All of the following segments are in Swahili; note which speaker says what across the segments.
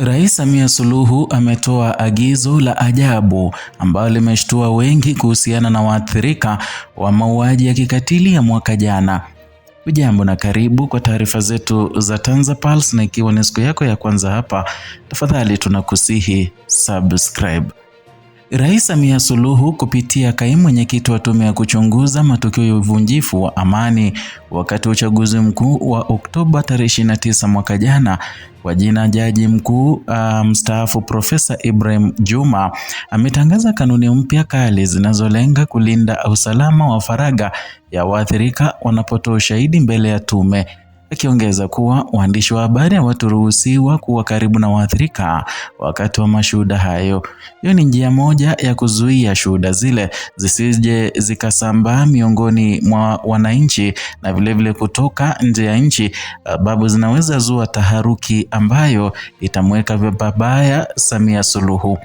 Speaker 1: Rais Samia Suluhu ametoa agizo la ajabu ambalo limeshtua wengi kuhusiana na waathirika wa mauaji ya kikatili ya mwaka jana. Ujambo na karibu kwa taarifa zetu za Tanza Pulse, na ikiwa ni siku yako ya kwanza hapa, tafadhali tunakusihi subscribe. Rais Samia Suluhu kupitia kaimu mwenyekiti wa tume ya kuchunguza matukio ya uvunjifu wa amani wakati wa uchaguzi mkuu wa Oktoba tarehe 29 mwaka jana kwa jina Jaji Mkuu ah, mstaafu um, Profesa Ibrahim Juma ametangaza kanuni mpya kali zinazolenga kulinda usalama wa faragha ya waathirika wanapotoa ushahidi mbele ya tume akiongeza kuwa waandishi wa habari hawataruhusiwa kuwa karibu na waathirika wakati wa mashuhuda hayo. Hiyo ni njia moja ya kuzuia shuhuda zile zisije zikasambaa miongoni mwa wananchi na vilevile vile kutoka nje ya nchi, sababu zinaweza zua taharuki ambayo itamweka vibaya Samia Suluhu.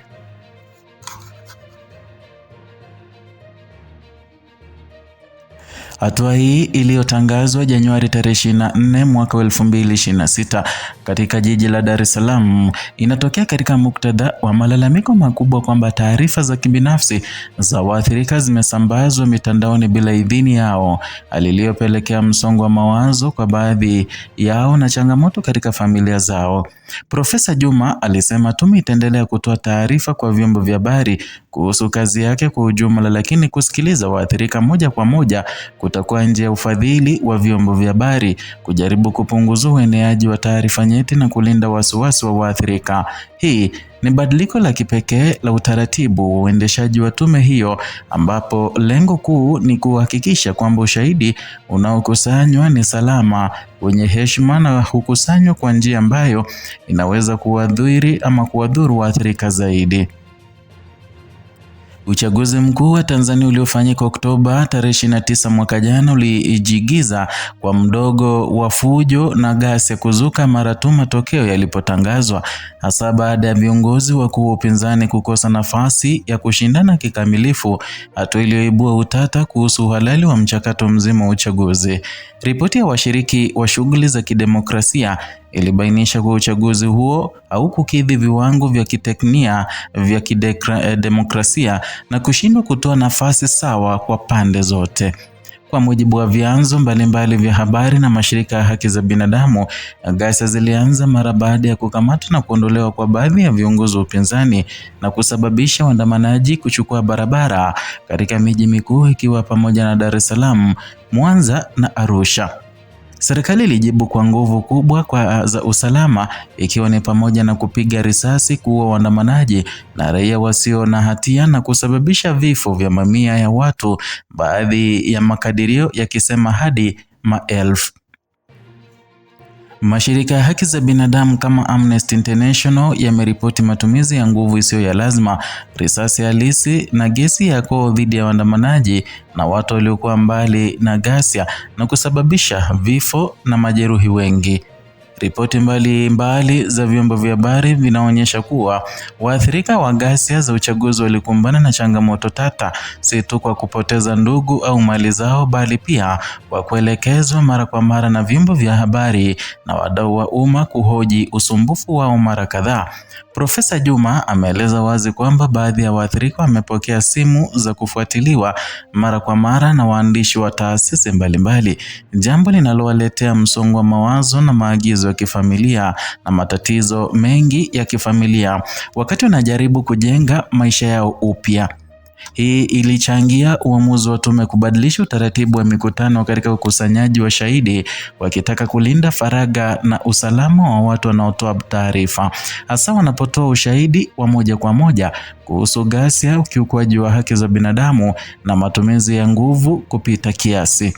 Speaker 2: Hatua hii iliyotangazwa Januari tarehe 24 mwaka 2026 katika jiji la Dar es Salaam inatokea katika muktadha wa malalamiko makubwa kwamba taarifa za kibinafsi za waathirika zimesambazwa mitandaoni bila idhini yao, hali iliyopelekea msongo wa mawazo kwa baadhi yao na changamoto katika familia zao. Profesa Juma alisema tume itaendelea kutoa taarifa kwa vyombo vya habari kuhusu kazi yake kwa ujumla, lakini kusikiliza waathirika moja kwa moja kutakuwa njia ya ufadhili wa vyombo vya habari kujaribu kupunguza ueneaji wa taarifa nyeti na kulinda wasiwasi wa waathirika. Hii ni badiliko la kipekee la utaratibu wa uendeshaji wa tume hiyo, ambapo lengo kuu ni kuhakikisha kwamba ushahidi unaokusanywa ni salama, wenye heshima na hukusanywa kwa njia ambayo inaweza kuwadhiri ama kuwadhuru waathirika zaidi. Uchaguzi mkuu wa Tanzania uliofanyika Oktoba tarehe 29 mwaka jana ulijigiza kwa mdogo wa fujo na ghasia kuzuka mara tu matokeo yalipotangazwa, hasa baada ya viongozi wakuu wa upinzani kukosa nafasi ya kushindana kikamilifu, hatua iliyoibua utata kuhusu uhalali wa mchakato mzima wa uchaguzi. Ripoti ya washiriki wa shughuli za kidemokrasia ilibainisha kuwa uchaguzi huo haukukidhi viwango vya kiteknia vya kidemokrasia eh, na kushindwa kutoa nafasi sawa kwa pande zote. Kwa mujibu wa vyanzo mbalimbali vya habari na mashirika ya haki za binadamu, ghasia zilianza mara baada ya kukamatwa na kuondolewa kwa baadhi ya viongozi wa upinzani na kusababisha waandamanaji kuchukua barabara katika miji mikuu ikiwa pamoja na Dar es Salaam, Mwanza na Arusha. Serikali ilijibu kwa nguvu kubwa kwa uh, za usalama ikiwa ni pamoja na kupiga risasi, kuua waandamanaji na raia wasio na hatia na kusababisha vifo vya mamia ya watu, baadhi ya makadirio yakisema hadi maelfu. Mashirika ya haki za binadamu kama Amnesty International yameripoti matumizi ya nguvu isiyo ya lazima, risasi halisi na gesi ya koo dhidi ya waandamanaji na watu waliokuwa mbali na ghasia na kusababisha vifo na majeruhi wengi. Ripoti mbalimbali za vyombo vya habari vinaonyesha kuwa waathirika wa ghasia za uchaguzi walikumbana na changamoto tata, si tu kwa kupoteza ndugu au mali zao, bali pia kwa kuelekezwa mara kwa mara na vyombo vya habari na wadau wa umma kuhoji usumbufu wao mara kadhaa. Profesa Juma ameeleza wazi kwamba baadhi ya waathirika wamepokea simu za kufuatiliwa mara kwa mara na waandishi wa taasisi mbalimbali, jambo linalowaletea msongo wa mawazo na maagizo ya kifamilia na matatizo mengi ya kifamilia wakati wanajaribu kujenga maisha yao upya. Hii ilichangia uamuzi wa tume kubadilisha utaratibu wa mikutano katika ukusanyaji wa shahidi, wakitaka kulinda faragha na usalama wa watu wanaotoa taarifa, hasa wanapotoa ushahidi wa moja kwa moja kuhusu ghasia, ukiukwaji wa haki za binadamu na matumizi ya nguvu kupita kiasi.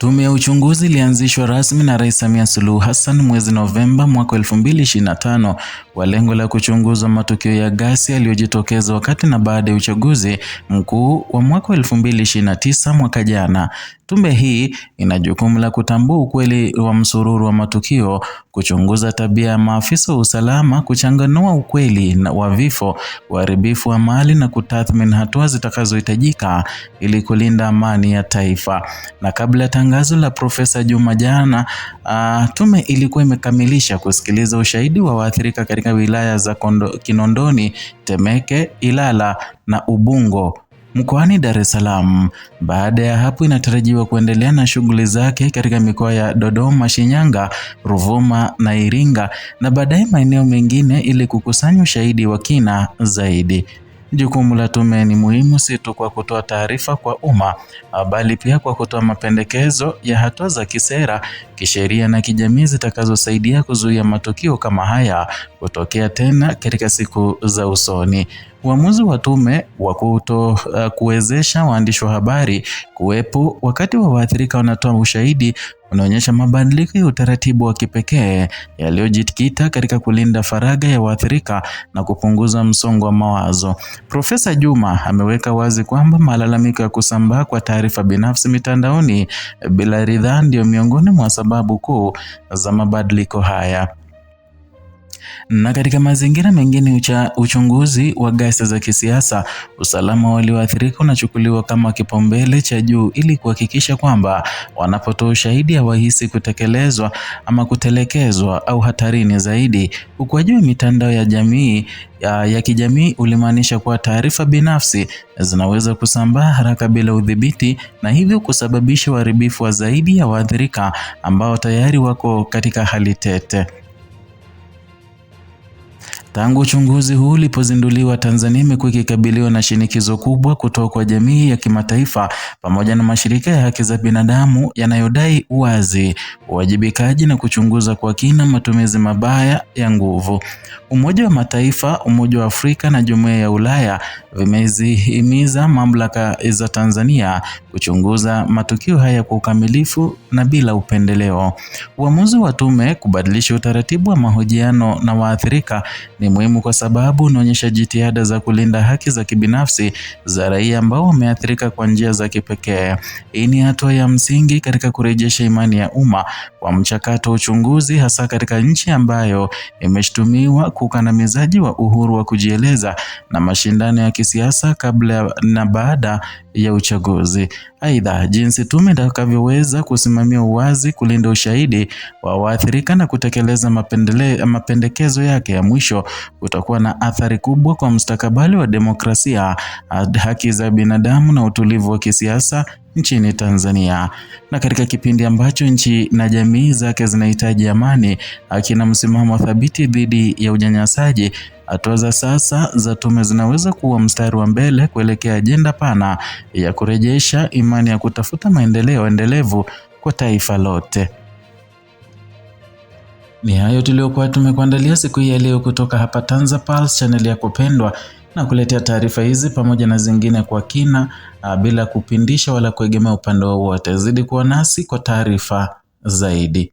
Speaker 2: Tume ya uchunguzi ilianzishwa rasmi na Rais Samia Suluhu Hassan mwezi Novemba mwaka 2025 kwa lengo la kuchunguza matukio ya ghasia yaliyojitokeza wakati na baada ya uchaguzi mkuu wa mwaka 2029 mwaka jana. Tume hii ina jukumu la kutambua ukweli wa msururu wa matukio, kuchunguza tabia ya maafisa wa usalama, kuchanganua ukweli wa vifo, uharibifu wa mali na kutathmini hatua zitakazohitajika ili kulinda amani ya taifa. Na kabla tangazo la Profesa Juma jana, uh, tume ilikuwa imekamilisha kusikiliza ushahidi wa waathirika katika wilaya za Kondo, Kinondoni, Temeke, Ilala na Ubungo mkoani Dar es Salaam. Baada ya hapo, inatarajiwa kuendelea na shughuli zake katika mikoa ya Dodoma, Shinyanga, Ruvuma na Iringa na baadaye maeneo mengine ili kukusanya ushahidi wa kina zaidi. Jukumu la tume ni muhimu si tu kwa kutoa taarifa kwa umma, ah, bali pia kwa kutoa mapendekezo ya hatua za kisera, kisheria na kijamii zitakazosaidia kuzuia matukio kama haya kutokea tena katika siku za usoni. Uamuzi wa tume wa kuto uh, kuwezesha waandishi wa habari kuwepo wakati wa waathirika wanatoa ushahidi unaonyesha mabadiliko ya utaratibu wa kipekee yaliyojikita katika kulinda faragha ya waathirika na kupunguza msongo wa mawazo. Profesa Juma ameweka wazi kwamba malalamiko ya kusambaa kwa taarifa binafsi mitandaoni bila ridhaa ndio miongoni mwa sababu kuu za mabadiliko haya. Na katika mazingira mengine ucha, uchunguzi wa ghasia za kisiasa, usalama walioathirika unachukuliwa kama kipaumbele cha juu ili kuhakikisha kwamba wanapotoa ushahidi hawahisi kutekelezwa ama kutelekezwa au hatarini zaidi. Ukuaji wa mitandao ya jamii ya, ya kijamii ulimaanisha kuwa taarifa binafsi zinaweza kusambaa haraka bila udhibiti na hivyo kusababisha uharibifu wa zaidi ya waathirika ambao tayari wako katika hali tete. Tangu uchunguzi huu ulipozinduliwa, Tanzania imekuwa ikikabiliwa na shinikizo kubwa kutoka kwa jamii ya kimataifa pamoja na mashirika ya haki za binadamu yanayodai uwazi, uwajibikaji na kuchunguza kwa kina matumizi mabaya ya nguvu. Umoja wa Mataifa, Umoja wa Afrika na Jumuiya ya Ulaya vimezihimiza mamlaka za Tanzania kuchunguza matukio haya kwa ukamilifu na bila upendeleo. Uamuzi wa tume kubadilisha utaratibu wa mahojiano na waathirika ni muhimu kwa sababu unaonyesha jitihada za kulinda haki za kibinafsi za raia ambao wameathirika kwa njia za kipekee. Hii ni hatua ya msingi katika kurejesha imani ya umma wa mchakato wa uchunguzi hasa katika nchi ambayo imeshutumiwa kukandamizaji wa uhuru wa kujieleza na mashindano ya kisiasa kabla na baada ya uchaguzi. Aidha, jinsi tume itakavyoweza kusimamia uwazi, kulinda ushahidi wa waathirika na kutekeleza mapendekezo yake ya mwisho kutakuwa na athari kubwa kwa mustakabali wa demokrasia, haki za binadamu na utulivu wa kisiasa nchini Tanzania. Na katika kipindi ambacho nchi na jamii zake zinahitaji amani, akina msimamo thabiti dhidi ya unyanyasaji, hatua za sasa za tume zinaweza kuwa mstari wa mbele kuelekea ajenda pana ya kurejesha imani ya kutafuta maendeleo endelevu kwa taifa lote. Ni hayo tuliyokuwa tumekuandalia siku hii ya leo kutoka hapa Tanza Pulse, chaneli ya kupendwa na kuletea taarifa hizi pamoja na zingine kwa kina a, ah, bila kupindisha wala kuegemea upande wowote. Zidi kuwa nasi kwa taarifa zaidi.